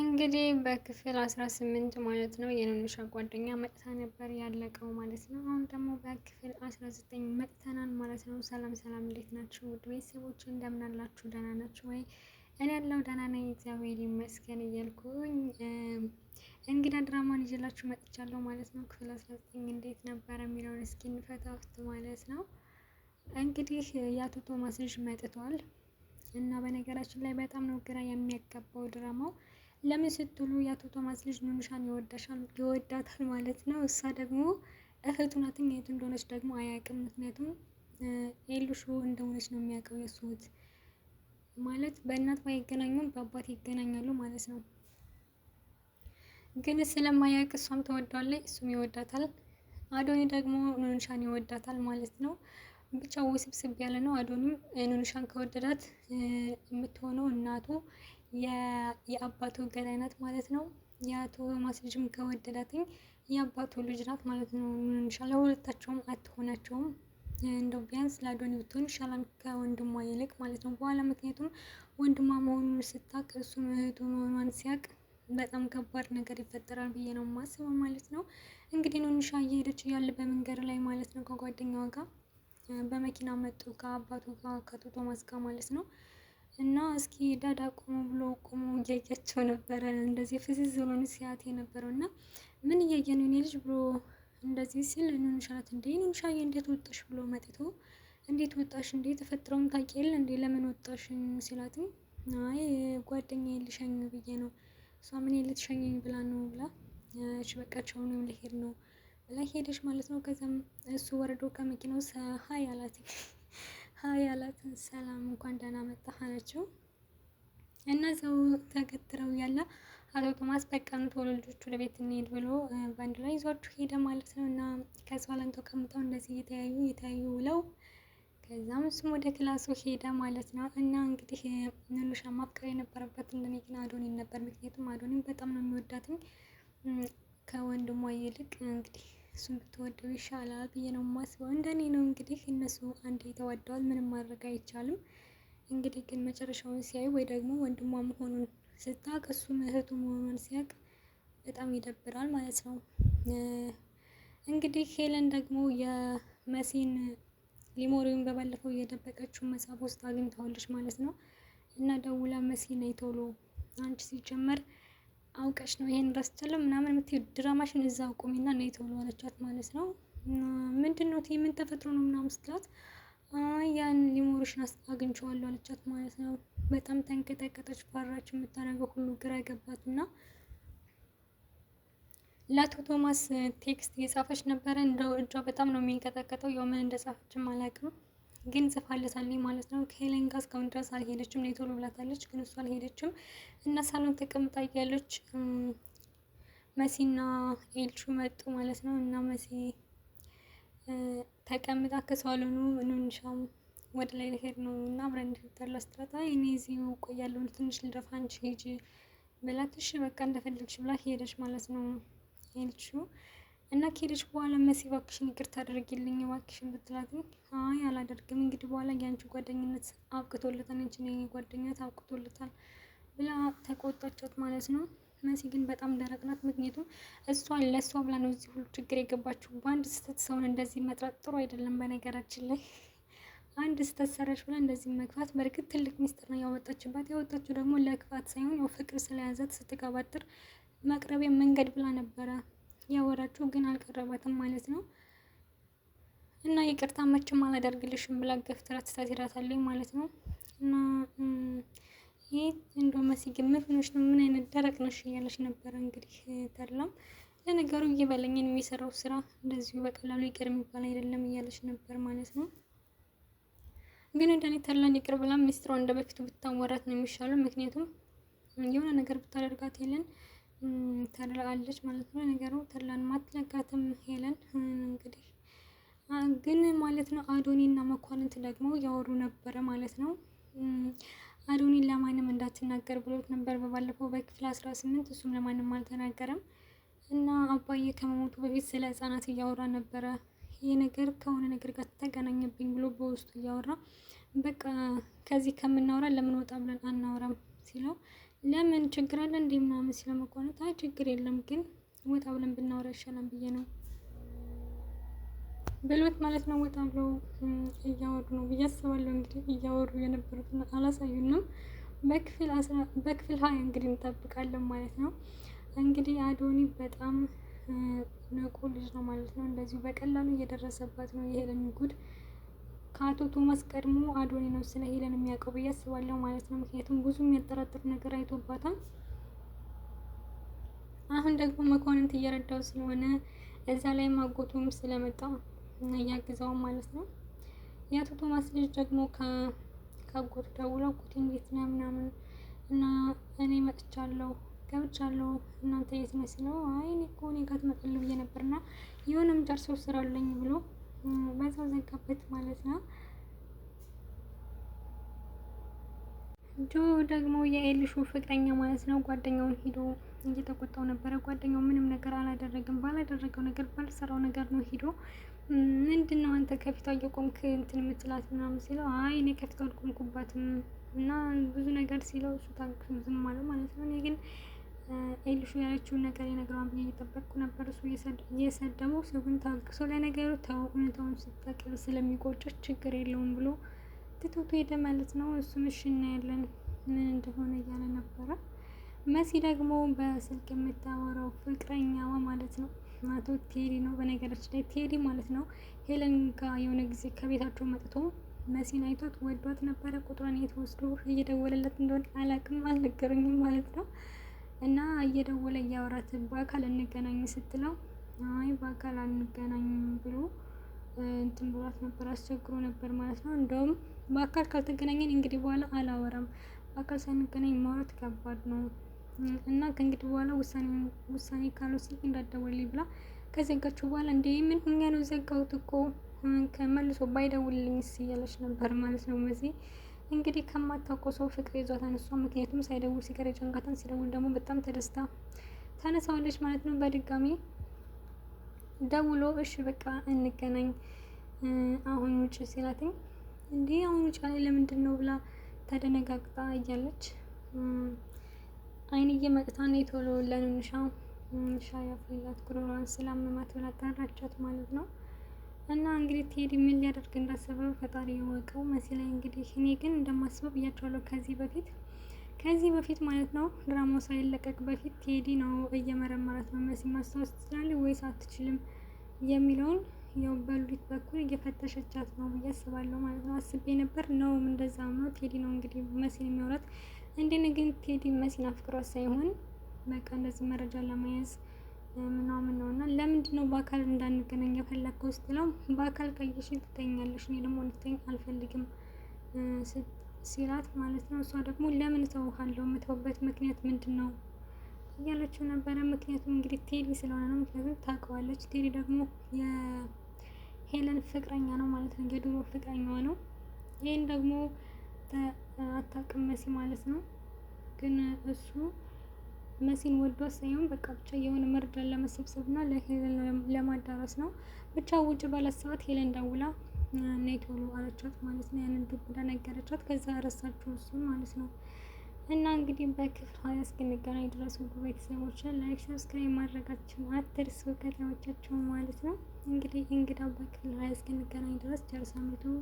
እንግዲህ በክፍል አስራ ስምንት ማለት ነው የንንሻ ጓደኛ መጥታ ነበር ያለቀው ማለት ነው። አሁን ደግሞ በክፍል አስራ ዘጠኝ መጥተናል ማለት ነው። ሰላም ሰላም፣ እንዴት ናችሁ ውድ ቤተሰቦች? እንደምናላችሁ አላችሁ? ደህና ናችሁ ወይ? እኔ ያለው ደህና ነኝ እግዚአብሔር ይመስገን እያልኩኝ እንግዳ ድራማን ይዤላችሁ መጥቻለሁ ማለት ነው። ክፍል አስራ ዘጠኝ እንዴት ነበረ የሚለውን እስኪ እንፈታፍት ማለት ነው። እንግዲህ የአቶ ቶማስ ልጅ መጥቷል እና በነገራችን ላይ በጣም ነው ግራ የሚያጋባው ድራማው ለምን ስትሉ የአቶ ቶማስ ልጅ ኑኑሻን ይወዳታል ማለት ነው። እሷ ደግሞ እህቱ ናትኝ የቱ እንደሆነች ደግሞ አያውቅም። ምክንያቱም ኤሉሹ እንደሆነች ነው የሚያውቀው የሱት ማለት በእናት ባይገናኙም በአባት ይገናኛሉ ማለት ነው። ግን ስለማያውቅ እሷም ተወዷለች፣ እሱም ይወዳታል። አዶኒ ደግሞ ኑኑሻን ይወዳታል ማለት ነው። ብቻ ውስብስብ ያለ ነው። አዶኒም ኑንሻን ከወደዳት የምትሆነው እናቱ የአባቱ ገላይ ናት ማለት ነው። የአቶ ቶማስ ልጅም ከወደዳትኝ የአባቱ ልጅ ናት ማለት ነው። ምን ይሻላል? ሁለታቸውም አትሆናቸውም። እንደው ቢያንስ ለአዶኒ ብትሆን ይሻላል ከወንድሟ ይልቅ ማለት ነው። በኋላ ምክንያቱም ወንድሟ መሆኑን ስታቅ እሱም እህቱ መሆኗን ሲያቅ በጣም ከባድ ነገር ይፈጠራል ብዬ ነው የማስበው ማለት ነው። እንግዲህ ኑንሻ እየሄደች እያለ በመንገድ ላይ ማለት ነው ከጓደኛዋ ጋር በመኪና መጡ ከአባቱ ጋር ከአቶ ቶማስ ጋር ማለት ነው እና እስኪ ዳዳ ቆሞ ብሎ ቆሞ እያያቸው ነበረ። እንደዚህ ፍዝዝ ብሎ ሲያት የነበረው እና ምን እያየ ነው ልጅ ብሎ እንደዚህ ሲል ኑንሻት እንዴ ኑንሻዬ እንዴት ወጣሽ ብሎ መጥቶ እንዴት ወጣሽ እንዴ ተፈጥሮም ታውቂያለሽ እንዴ ለምን ወጣሽ ሲላትም አይ ጓደኛዬ ልሸኝ ብዬ ነው እሷ ምን ልትሸኘኝ ብላ ነው ብላ እሺ በቃ ቻው ነው ልሄድ ነው ብላ ሄደች ማለት ነው። ከዛም እሱ ወርዶ ከመኪናው ሰሀይ አላት። ያላትን ሰላም እንኳን ደህና መጣህ አለችው እና ሰው ተከትለው ያለ አቶ ቶማስ በቀኑ ቶሎ ልጆቹ ለቤት እንሄድ ብሎ በአንድ ላይ ይዟችሁ ሄደ ማለት ነው። እና ከዛ ለንቶ ከምተው እንደዚህ እየተያዩ እየተያዩ ውለው ከዛም እሱም ወደ ክላሱ ሄደ ማለት ነው። እና እንግዲህ ንኑሻ ማፍቀር የነበረበት እንደኔ ግን አዶኒን ነበር። ምክንያቱም አዶኒን በጣም ነው የሚወዳትኝ ከወንድሟ ይልቅ እንግዲህ እሱን ብትወደው ይሻላል ብዬ ነው የማስበው። እንደኔ ነው እንግዲህ እነሱ አንዴ ተወደዋል፣ ምንም ማድረግ አይቻልም። እንግዲህ ግን መጨረሻውን ሲያይ ወይ ደግሞ ወንድሟ መሆኑን ስታቅ እሱ እህቱ መሆኗን ሲያቅ በጣም ይደብራል ማለት ነው። እንግዲህ ሄለን ደግሞ የመሲን ሊሞሪውን በባለፈው እየደበቀችው መጽሐፍ ውስጥ አግኝተዋለች ማለት ነው። እና ደውላ መሲን አይቶሎ አንቺ ሲጀመር አውቀሽ ነው ይሄን ረስቻለሁ ምናምን የምትይው ድራማሽን እዛ ቁሚና ነይ ተብሎ አለቻት ማለት ነው። ምንድን ነው ምን ተፈጥሮ ነው ምናምን ስትላት ያን ሊሞሮሽን አግኝቼዋለሁ አለቻት ማለት ነው። በጣም ተንቀጠቀጠች፣ ፈራች። የምታደርገው ሁሉ ግራ ገባት እና ለአቶ ቶማስ ቴክስት እየጻፈች ነበረ። እንደው እጇ በጣም ነው የሚንቀጠቀጠው። ያው ምን እንደጻፈችም አላውቅም። ግን ጽፋለታለኝ ማለት ነው። ከሄለን ጋር እስካሁን ድረስ አልሄደችም። እኔ ቶሎ ብላታለች፣ ግን እሱ አልሄደችም እና ሳሎን ተቀምጣ ያለች መሲና ኤልቹ መጡ ማለት ነው። እና መሲ ተቀምጣ ከሳሎኑ ኑንሻም ወደ ላይ ሄድ ነው እና አብረን እንድንጠላ ስትረጣ እኔ እዚሁ እቆያለሁ ትንሽ ልረፋ፣ አንቺ ሂጂ ብላት እሺ በቃ እንደፈለግሽ ብላ ሄደች ማለት ነው ኤልቹ እና ከሄደች በኋላ መሲ እባክሽን ይቅርታ አድርጊልኝ እባክሽን ብትላትም አይ አላደርግም እንግዲህ በኋላ የአንቺ ጓደኝነት አብቅቶለታል፣ አንቺ ነው ጓደኝነት አብቅቶለታል ብላ ተቆጣቻት ማለት ነው። መሲ ግን በጣም ደረቅ ናት። ምክንያቱም እሷ ለእሷ ብላ ነው እዚህ ሁሉ ችግር የገባችው። በአንድ ስህተት ሰውን እንደዚህ መጥራት ጥሩ አይደለም። በነገራችን ላይ አንድ ስህተት ሰራች ብላ እንደዚህ መግፋት በእርግጥ ትልቅ ሚስጥር ነው ያወጣችባት። ያወጣችው ደግሞ ለክፋት ሳይሆን ያው ፍቅር ስለያዛት ስትቀባጥር መቅረቢያ መንገድ ብላ ነበረ ያወራችሁ ግን አልቀረባትም ማለት ነው። እና ይቅርታ መቼም አላደርግልሽም ብላ ገፍትራት ትታትራታለች ማለት ነው። እና ይህ እንደ መሲ ግምት ነሽ ነው ምን አይነት ደረቅ ነሽ እያለች ነበረ እንግዲህ ተድላም ለነገሩ እየበለኝን የሚሰራው ስራ እንደዚሁ በቀላሉ ይቅር የሚባል አይደለም እያለች ነበር ማለት ነው። ግን እንደኔ ተድላን ይቅር ብላ ሚስጥሯ እንደ በፊቱ ብታወራት ነው የሚሻለው። ምክንያቱም የሆነ ነገር ብታደርጋት የለን ተለቃለች ማለት ነው። ነገሩ ተላን ማትለቃትም ሄለን እንግዲህ ግን ማለት ነው። አዶኒ እና መኳንንት ደግሞ ያወሩ ነበረ ማለት ነው። አዶኒ ለማንም እንዳትናገር ብሎት ነበር በባለፈው በክፍል 18 እሱም ለማንም አልተናገረም እና አባዬ ከመሞቱ በፊት ስለ ህጻናት እያወራ ነበረ። ይህ ነገር ከሆነ ነገር ጋር ተገናኘብኝ ብሎ በውስጡ እያወራ በቃ ከዚህ ከምናወራ ለምን ወጣ ብለን አናወራም ሲለው ለምን ችግር አለ እንዴ ምናምን ስለመቋረጥ፣ አይ ችግር የለም ግን ወጣ ብለን ብናወራ ይሻላል ብዬ ነው በልበት ማለት ነው። ወጣ ብለው እያወሩ ነው ብዬ አስባለሁ። እንግዲህ እያወሩ የነበሩትን አላሳዩንም። በክፍል በክፍል ሀያ እንግዲህ እንጠብቃለን ማለት ነው። እንግዲህ አዶኒ በጣም ንቁ ልጅ ነው ማለት ነው። እንደዚሁ በቀላሉ እየደረሰባት ነው የሄለን ጉድ ከአቶ ቶማስ ቀድሞ አዶኒ ነው ስለ ሄለን የሚያውቀው ብዬ አስባለሁ ማለት ነው። ምክንያቱም ብዙ የሚያጠራጥር ነገር አይቶባታል። አሁን ደግሞ መኳንንት እየረዳው ስለሆነ እዛ ላይ ማጎቱም ስለመጣ እያግዘው ማለት ነው። የአቶ ቶማስ ልጅ ደግሞ ከአጎቱ ደውለው አጎቴ እንዴት ነህ ምናምን እና እኔ መጥቻለሁ ገብቻለሁ እናንተ የት ነህ ስለው አይ እኔ እኮ እኔ ጋር ትመጣለህ ብዬ ነበርና ይሁንም ደርሰው ስራለኝ ብሎ በዛው ዘጋበት ማለት ነው። ጆ ደግሞ የኤልሹ ፍቅረኛ ማለት ነው ጓደኛውን ሂዶ እየተቆጣው ነበረ። ጓደኛው ምንም ነገር አላደረግም፣ ባላደረገው ነገር ባልሰራው ነገር ነው ሂዶ ምንድን ነው አንተ ከፊቷ እየቆምክ እንትን የምትላት ምናምን ሲለው አይ እኔ ከፊቷ አልቆምኩባትም እና ብዙ ነገር ሲለው እሱ ዝም አለ ማለት ነው። እኔ ግን ኤልሹ ያለችውን ነገር የነገሯን ብዬ እየጠበቅኩ ነበር። እሱ እየሰደበው ስጉን ታግሶ ለነገሩ ተው ሁኔታውን ስታቀብ ስለሚቆጨች ችግር የለውም ብሎ ትቶት ሄደ ማለት ነው። እሱም እሺ እናያለን ምን እንደሆነ እያለ ነበረ። መሲ ደግሞ በስልክ የምታወራው ፍቅረኛዋ ማለት ነው አቶ ቴዲ ነው። በነገራችን ላይ ቴዲ ማለት ነው ሄለን ጋር የሆነ ጊዜ ከቤታቸው መጥቶ መሲን አይቷት ወዷት ነበረ። ቁጥሯን የተወስዶ እየደወለለት እንደሆነ አላቅም አልነገረኝም ማለት ነው። እና እየደወለ እያወራት በአካል እንገናኝ ስትለው አይ በአካል አንገናኝም ብሎ እንትን ብሏት ነበር፣ አስቸግሮ ነበር ማለት ነው። እንደውም በአካል ካልተገናኘን እንግዲህ በኋላ አላወራም፣ በአካል ሳንገናኝ ማውራት ከባድ ነው እና ከእንግዲህ በኋላ ውሳኔ ካልወሰንክ እንዳትደውልልኝ ብላ ከዘጋችሁ በኋላ እንደ ምን ሆኜ ነው ዘጋሁት እኮ ከመልሶ ባይደውልልኝ እያለች ነበር ማለት ነው በዚህ እንግዲህ ከማታውቀው ሰው ፍቅር ይዟታል እሷ። ምክንያቱም ሳይደውል ሲቀር የጨንቃታን ሲደውል ደግሞ በጣም ተደስታ ታነሳዋለች ማለት ነው። በድጋሚ ደውሎ እሺ በቃ እንገናኝ አሁን ውጭ ሲላትኝ እንዲህ አሁን ውጭ ላይ ለምንድን ነው ብላ ተደነጋግጣ እያለች አይንዬ መጥታ ነው የቶሎ ለንንሻ ሻይ አፍልላት ጉሮሯን ስላመማት ብላ ጠራቻት ማለት ነው። እና እንግዲህ ቴዲ ምን ሊያደርግ እንዳሰበ ፈጣሪ የወቀው። መሲ ላይ እንግዲህ እኔ ግን እንደማስበው ብያቸዋለሁ ከዚህ በፊት ከዚህ በፊት ማለት ነው ድራማው ሳይለቀቅ በፊት ቴዲ ነው እየመረመራት ነው መሲ ማስታወስ ትችላለች ወይስ አትችልም የሚለውን ያው በሉሊት በኩል እየፈተሸቻት ነው ብዬ አስባለሁ ማለት ነው። አስቤ ነበር ነው እንደዛ ነው ቴዲ ነው እንግዲህ መሲን የሚያወራት። እንዴት ግን ቴዲ መሲን አፍቅሯት ሳይሆን በቃ እንደዚህ መረጃ ለመያዝ ምናምን ነው እና ለምንድን ነው በአካል እንዳንገናኝ የፈለግከው ስትለው በአካል ቀይሽን ትተኛለሽ፣ እኔ ደግሞ እንድተኝ አልፈልግም ሲላት ማለት ነው። እሷ ደግሞ ለምን እተውሃለሁ የምተውበት ምክንያት ምንድን ነው እያለችው ነበረ። ምክንያቱም እንግዲህ ቴዲ ስለሆነ ነው። ምክንያቱም ታውቀዋለች። ቴዲ ደግሞ የሄለን ፍቅረኛ ነው ማለት ነው፣ የድሮ ፍቅረኛዋ ነው። ይህን ደግሞ አታውቅም መሲ ማለት ነው ግን እሱ መሲን ወዷት ሳይሆን በቃ ብቻ የሆነ መርዳን ለመሰብሰብ እና ለሄለን ለማዳረስ ነው። ብቻ ውጭ ባላት ሰዓት ሄለን ደውላ ነይ ቶሎ አለቻት ማለት ነው። ያንን ዱብ ነገረቻት። ከዛ ረሳችሁ እሱን ማለት ነው። እና እንግዲህ በክፍል ሀያ እስክንገናኝ ድረስ ውድ ቤተሰቦች ላይክ፣ ሰብስክራይብ ማድረጋችሁን አትርሱ። ከተመቻችሁ ማለት ነው እንግዲህ እንግዳ በክፍል ሀያ እስክንገናኝ ድረስ ጀርሳ ጨርሳምቱ